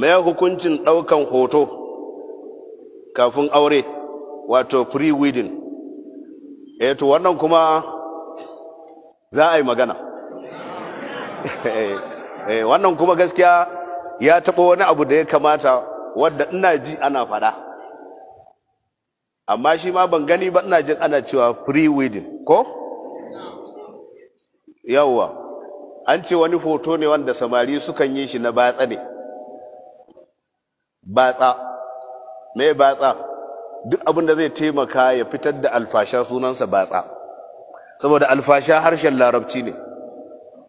mai hukuncin ɗaukan hoto kafin aure wato pre-wedding eh to wannan kuma za a yi magana eh, wannan kuma gaskiya ya taɓa wani abu da ya kamata wadda ina ji ana faɗa amma shi ma ban gani ba ina jin ana cewa pre-wedding ko? yawwa an ce wani hoto ne wanda samari sukan yi shi na batsa ne batsa mai batsa duk abin da zai taimaka ya fitar da alfasha sunansa batsa saboda alfasha harshen larabci ne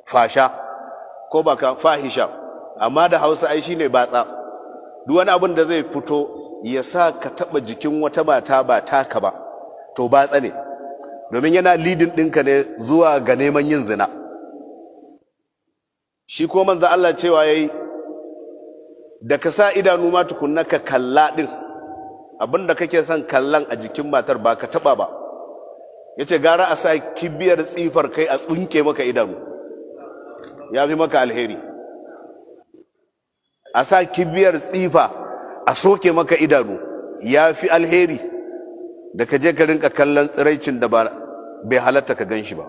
fasha ko baka fahisha amma da hausa ai shine batsa duk wani abin da zai fito ya sa ka taba jikin wata mata ba taka ba to batsa ne domin yana lidin ɗinka ne zuwa ga neman yin zina shi ko manzo Allah cewa yayi da ka sa idanu ma tukunna ka kalla din da kake son kallan a jikin matar ba ka taba ba Ya ce gara a sa kibiyar tsifar kai a tsunke maka idanu ya fi maka alheri a sa kibiyar tsifa a soke maka idanu ya fi alheri da ka je ka rinka kallon tsiraicin da ba bai halatta ka gan shi ba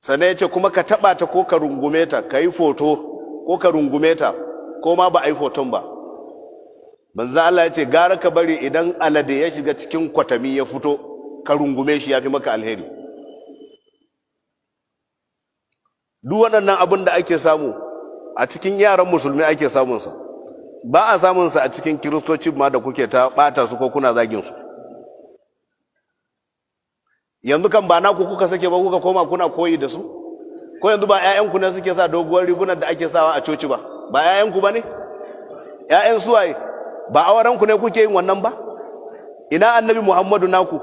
sannan ya ce kuma ka taba ta ko ka rungume ta ka yi foto ko ka rungume ta ko ma ba a yi hoton ba manzo Allah ya ce gara ka bari idan alade ya shiga cikin kwatami ya fito ka rungume shi ya fi maka alheri duk waɗannan abin da ake samu a cikin yaran musulmi ake samunsa ba a samunsa a cikin kiristoci ma da kuke ta ɓata su ko kuna zaginsu. yanzu kan ba naku kuka sake ba kuka koma kuna koyi da su ko yanzu ba 'ya'yanku ne suke sa doguwar rigunan da ake sawa a coci ba ba yayanku ba ne yayan suwaye ba aurenku ne kuke yin wannan ba ina annabi muhammadu naku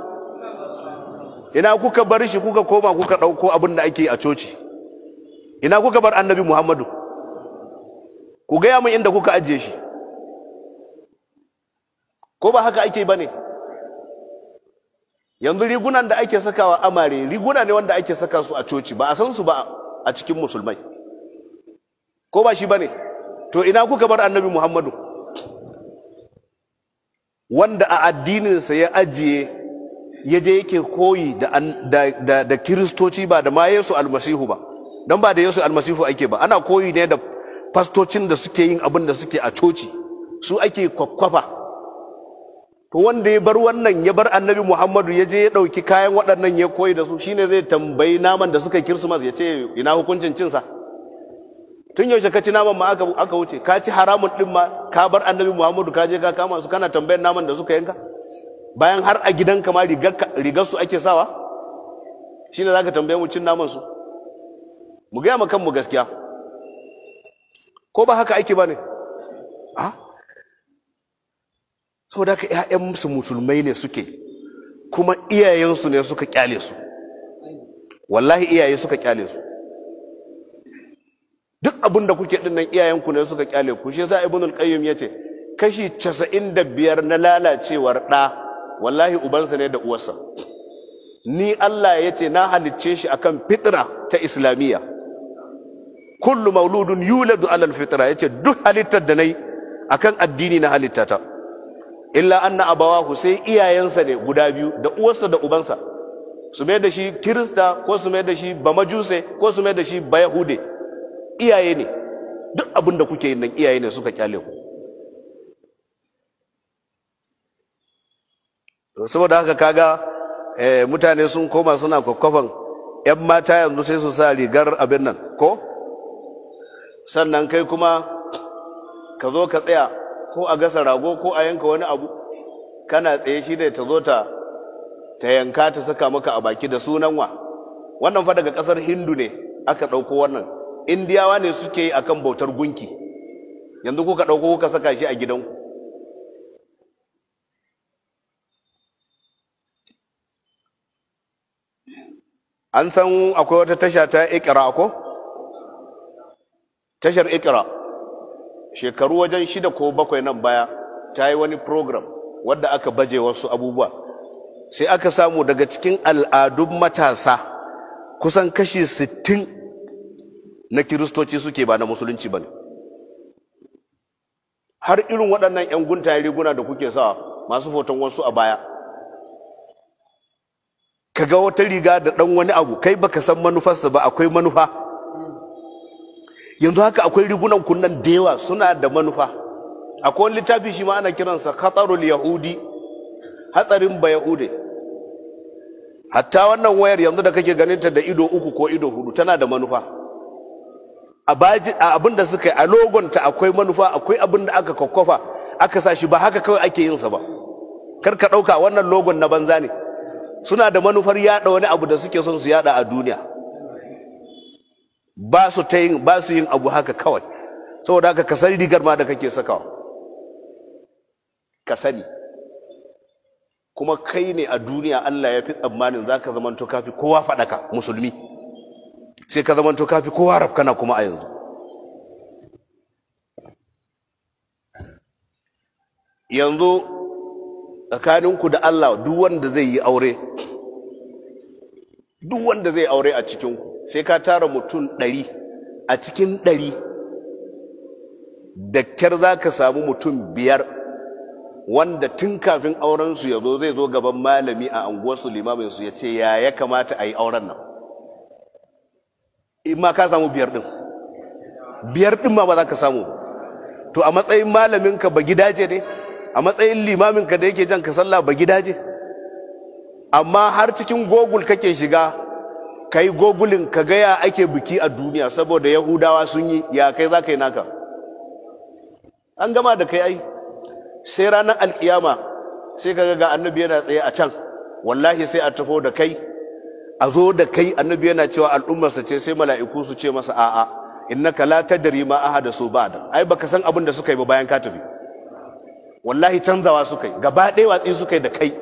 ina kuka bar shi kuka koma kuka ɗauko abin da ake a coci ina kuka bar annabi muhammadu ku gaya min inda kuka ajiye shi ko ba haka ake ba ne yanzu rigunan da ake sakawa amare riguna ne wanda ake saka su a coci ba a san su ba a cikin musulmai ko ba shi ba ne to ina kuka bar annabi muhammadu wanda a addininsa ya ajiye ya je yake koyi da, da, da, kiristoci ba da ma yesu almasihu ba don ba da yesu almasihu ake ba ana koyi ne da fastocin da suke yin abin da suke a coci su ake kwakwafa to wanda ya bar wannan ya bar annabi muhammadu ya je ya ɗauki kayan waɗannan ya koyi da su shine zai tambayi naman da suka kirsimas ya ce ina hukuncin cinsa tun yaushe ka ci naman ma aka wuce ka ci haramun din ma ka bar annabi muhammadu ka je ka kama su kana tambayar naman da suka yanka bayan har a gidanka ma rigar su ake sawa shine zaka tambaye mu cin naman su mu gaya ma kanmu gaskiya ko ba haka ake bane a ah? da ka ƴaƴan su musulmai ne suke kuma iyayensu ne suka kyale su wallahi iyaye suka kyale su duk abin da kuke dinnan iyayenku ne suka kyale ku shi yasa ibnul qayyim yace kashi 95 na lalacewar da wallahi ubansa ne da uwarsa ni Allah yace na halicce shi akan fitra ta islamiyya kullu mauludun yuladu ala fitra yace duk halittar da nayi akan addini na halittata illa anna abawahu sai iyayensa ne guda biyu da uwarsa da ubansa su mai da shi kirista ko su mai da shi bamajuse ko su mai da shi bayahude iyaye ne duk abin da kuke yin nan iyaye ne suka kyale ku saboda haka kaga eh, mutane sun koma suna kwakwafan yan mata yanzu sai su sa rigar abin nan ko sannan kai kuma ka zo ka tsaya ko a gasa rago ko a yanka wani abu kana tsaye shi da ta zo ta ta yanka ta saka maka a baki da sunanwa. wannan fa daga kasar hindu ne aka ɗauko wannan indiyawa ne suke yi kan bautar gunki yanzu kuka ɗauka kuka saka shi a gidanku an san akwai wata tasha ta ikira ko tashar ikira shekaru wajen shida ko bakwai nan baya ta yi wani program wadda aka baje wasu abubuwa sai aka samu daga cikin al'adun matasa kusan kashi sittin na kiristoci suke ba na musulunci ba ne har irin waɗannan 'yan guntaye riguna da kuke sa masu foton wasu a baya ka ga wata riga da ɗan wani abu kai baka san manufarsa ba akwai manufa yanzu haka akwai rigunan kunnan da yawa suna da manufa akwai wani littafi shi ma ana kiransa khatarul yahudi hatsarin ba yahude hatta wannan wayar yanzu da kake ganinta da ido uku ko ido hudu tana da manufa a abin da suka yi a logonta akwai manufa akwai abin da aka kwakwafa aka sa shi ba haka kawai ake yin sa ba kar ka ɗauka wannan logon na banza ne suna da manufar yada wani abu da suke son su yada a duniya ba su ta yin ba su yin abu haka kawai saboda haka ka sani rigar ma da kake sakawa ka sani kuma kai ne a duniya Allah ya fi tsammanin zaka zamanto kafi kowa faɗaka musulmi sai ka zamanto kafi kowa na kuma a yanzu yanzu tsakaninku da Allah duk wanda zai yi aure duk wanda zai aure a cikinku sai ka tara mutum ɗari a cikin ɗari da kyar za ka samu mutum biyar wanda tun kafin aurensu ya zo zai zo gaban malami a anguwarsu limaminsu ya ce ya ya kamata a yi auren nan in ma ka samu biyar din biyar din ma ba za ka samu to a matsayin malamin ka ba gidaje ne a matsayin limamin ka da yake jan ka sallah ba gidaje amma har cikin google kake shiga kai gogulin ka gaya ya ake biki a duniya saboda yahudawa sun yi ya kai za ka yi naka an gama da kai ai sai ranar alkiyama sai ka ga annabi yana tsaye a can wallahi sai a tafo da kai a zo da kai annabi yana cewa al'ummarsa ce sai mala'iku su ce masa a'a innaka la tadri ma ahada su ba'da ai baka san abin da suka yi ba bayan ka tafi wallahi canzawa suka yi gaba ɗaya watsi suka yi da kai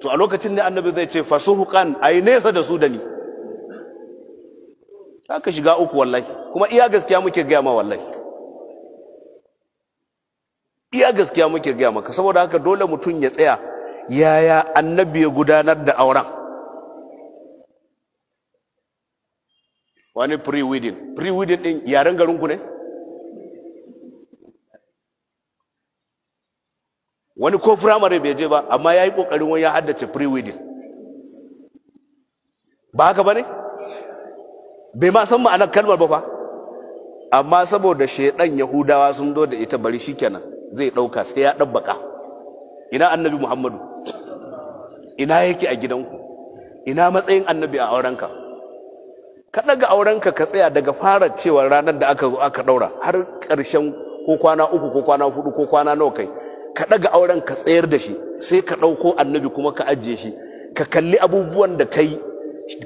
to a lokacin da annabi zai ce fasuhuqan ai nesa da su da ni ka shiga uku wallahi kuma iya gaskiya muke gaya ma wallahi iya gaskiya muke gaya maka saboda haka dole mutum ya tsaya yaya annabi ya gudanar da auren wani pre-wedding pre-wedding din yaren garinku ne wani ko firamare bai je ba amma ya yi ƙoƙarin wani ya haddace pre-wedding ba haka ba ne bai ma san ma'anar kalmar ba fa amma saboda shaidan yahudawa sun zo da ita bari shikenan zai ɗauka sai ya dabbaka ina annabi muhammadu ina yake a gidanku ina matsayin annabi a aurenka ka ɗaga aurenka ka tsaya daga fara cewa ranar da aka zo aka ɗaura har ƙarshen ko kwana uku ko kwana hudu ko kwana nawa kai ka ɗaga auren ka tsayar da shi sai ka ɗauko annabi kuma ka ajiye shi ka kalli abubuwan da kai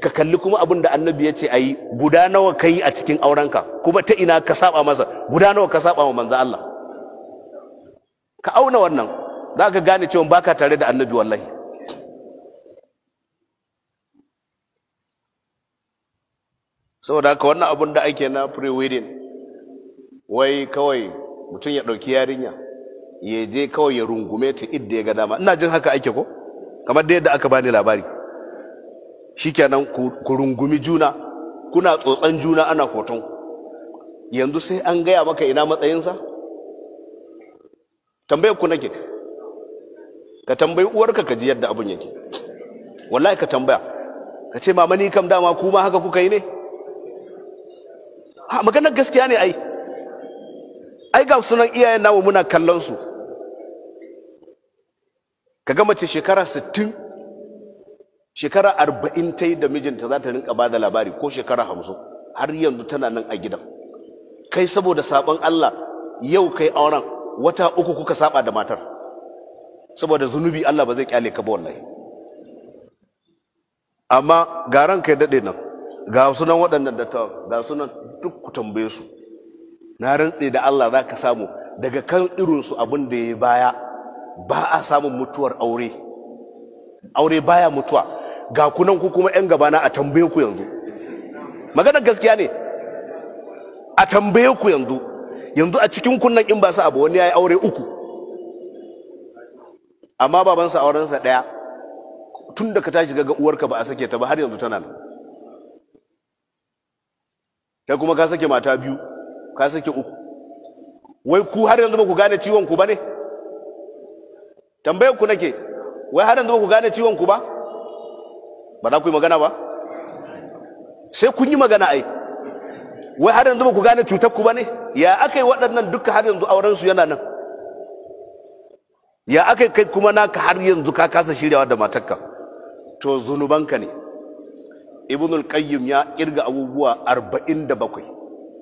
ka kalli kuma abin da annabi ya ce a yi guda nawa ka yi a cikin aurenka kuma ta ina ka saba masa guda nawa ka saba ma manzo Allah ka auna wannan za ka gane cewa baka tare da annabi wallahi saboda haka wannan abun da ake na pre-wedding wai kawai mutum ya ɗauki yarinya ya je kawai ya rungume ta idda ya ga dama ina jin haka ake ko kamar da yadda aka bani labari shikenan ku rungumi juna kuna tsotsan juna ana hoton yanzu sai an gaya maka ina matsayinsa tambayar ku nake ka tambayi uwarka ka ji yadda abin yake wallahi ka tambaya ka ce mama ni kam dama kuma haka kuka yi ne ha maganar gaskiya ne ai ai ga sunan iyayen namu muna kallon su ka ga mace shekara 60 shekara 40 ta da mijinta za ta rinka ba da labari ko shekara 50 har yanzu tana nan a gidan kai saboda sabon Allah yau kai auren wata uku kuka saba da matar saboda zunubi Allah ba zai kyale ka ba wallahi amma garan kai dade nan ga sunan waɗannan dattawan ga sunan duk ku tambaye su na rantse da Allah za ka samu daga kan irinsu abin da ya baya ba a samun mutuwar aure aure baya mutuwa ga kunan ku kuma 'yan gabana a tambaye ku yanzu maganar gaskiya ne a tambaye ku yanzu yanzu a cikin kunnan in ba su abu wani ya yi aure uku amma babansa aurensa ɗaya tun da ka tashi ga uwarka ba a sake ta ba har yanzu tana nan kai kuma ka sake mata biyu ka sake uku wai ku har yanzu ba ku gane ciwon ku ba ne tambayar ku nake wai har yanzu ba ku gane ciwon ku ba ba za ku yi magana ba sai kun yi magana ai wai har yanzu ba ku gane cutar ku ba ne ya akai waɗannan duka har yanzu auren su yana nan ya akai kai kuma naka har yanzu ka kasa shiryawa da matarka to zunubanka ne ibnul qayyim ya kirga abubuwa 47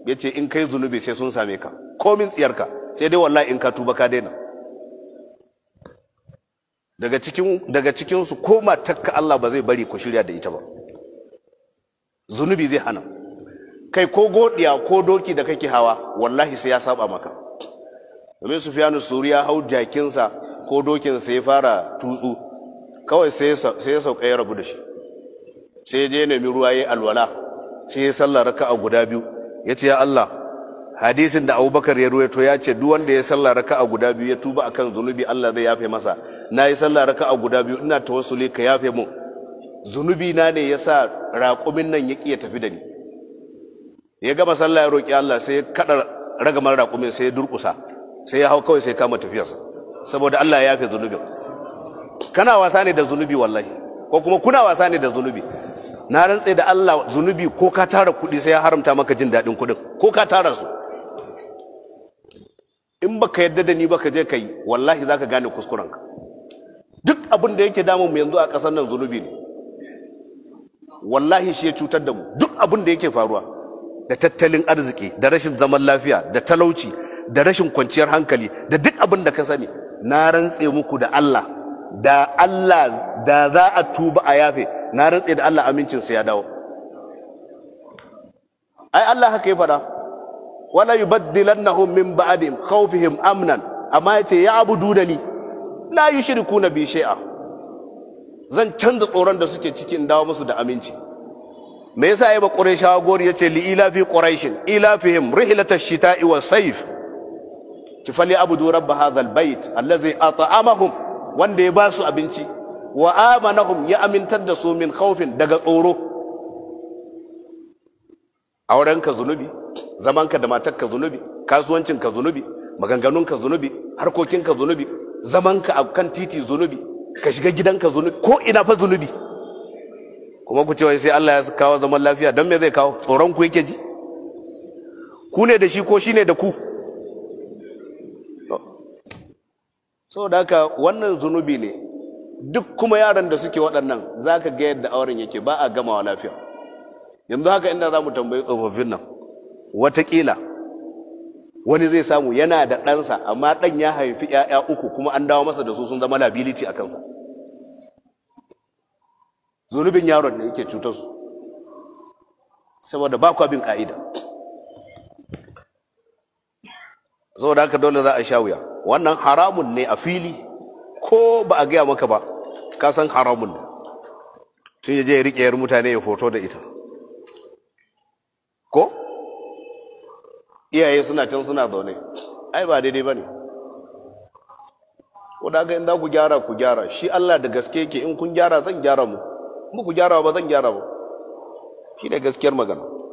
yace in kai zunubi sai sun same ka komin tsiyarka sai dai wallahi in ka tuba ka daina daga cikin daga cikin su ko matarka Allah ba zai bari ku shirya da ita ba zunubi zai hana kai ko godiya ko doki da kake hawa wallahi sai ya saba maka domin sufyanu ya hau jakinsa ko dokinsa ya fara tutsu kawai sai ya sauka ya rabu da shi sai ya je nemi ruwa yayi alwala sai ya salla raka'a guda biyu Ya ce ya Allah hadisin da Abubakar ya ruwaito ya ce duk wanda ya salla raka'a guda biyu ya tuba akan zunubi Allah zai yafe masa Na yi salla raka'a guda biyu ina tawassuli ka yafe mu zunubi na ne yasa raƙumin nan ya ya tafi da ni ya gama sallah ya roki Allah sai ya kada ragamar raƙumin sai ya durƙusa sai ya hau kawai sai kama tafiyarsa saboda Allah ya yafe zunubin kana wasa ne da zunubi wallahi ko kuma kuna wasa ne da zunubi na rantse da Allah zunubi ko ka tara kuɗi sai ya haramta maka jin daɗin kuɗin ko ka tara su in baka yadda da ni baka je ka yi wallahi zaka gane kuskurenka duk abin da yake damun mu yanzu a kasar nan zunubi ne wallahi shi ya cutar da mu duk abin da yake faruwa da tattalin arziki da rashin zaman lafiya da talauci da rashin kwanciyar hankali da duk abin da ka sani na rantse muku da Allah da Allah da za a tuba a yafe na rantse da Allah amincinsa ya dawo ai Allah haka ya faɗa wala yubaddilannahum min ba'dihim khawfihim amnan amma yace ya abudu ni la yushrikuna bi shay'a zan canza tsoron da suke ciki in dawo musu da aminci me yasa yi ba quraishawa gori yace li ila fi quraishin ila fihim rihlatash shita'i was sayf ki fali abudu rabb hadha albayt allazi at'amahum wanda ya ba su abinci wa amanahum ya amintar da su min khaufin daga tsoro aurenka zunubi zamanka da matarka zunubi kasuwancinka zunubi maganganunka zunubi harkokinka zunubi zamanka a kan titi zunubi ka shiga gidanka zunubi ko ina fa zunubi kuma ku ce wai sai Allah ya kawo zaman lafiya don me zai kawo tsoron ku yake ji ku ne da shi ko shine da ku saboda haka wannan zunubi ne duk kuma yaran da suke waɗannan za ka ga yadda auren yake ba a gamawa lafiya yanzu haka inda za mu tambayi tsofaffin nan watakila wani zai samu yana da ɗansa amma ɗan ya haifi ‘ya'ya uku kuma an dawo masa da su sun zama labiliti a kansa zunubin yaron ne yake cutar su saboda ba bin ƙa'ida saboda haka dole za a sha wuya wannan haramun ne a fili ko ba a gaya maka ba ka san haramun ne tun je rike yar mutane ya foto da ita ko iyaye suna can suna zaune ai ba daidai ba ne ko haka in za ku gyara ku gyara shi Allah da gaske yake in kun gyara zan gyara mu mu ku gyara ba zan gyara ba shi da gaskiyar magana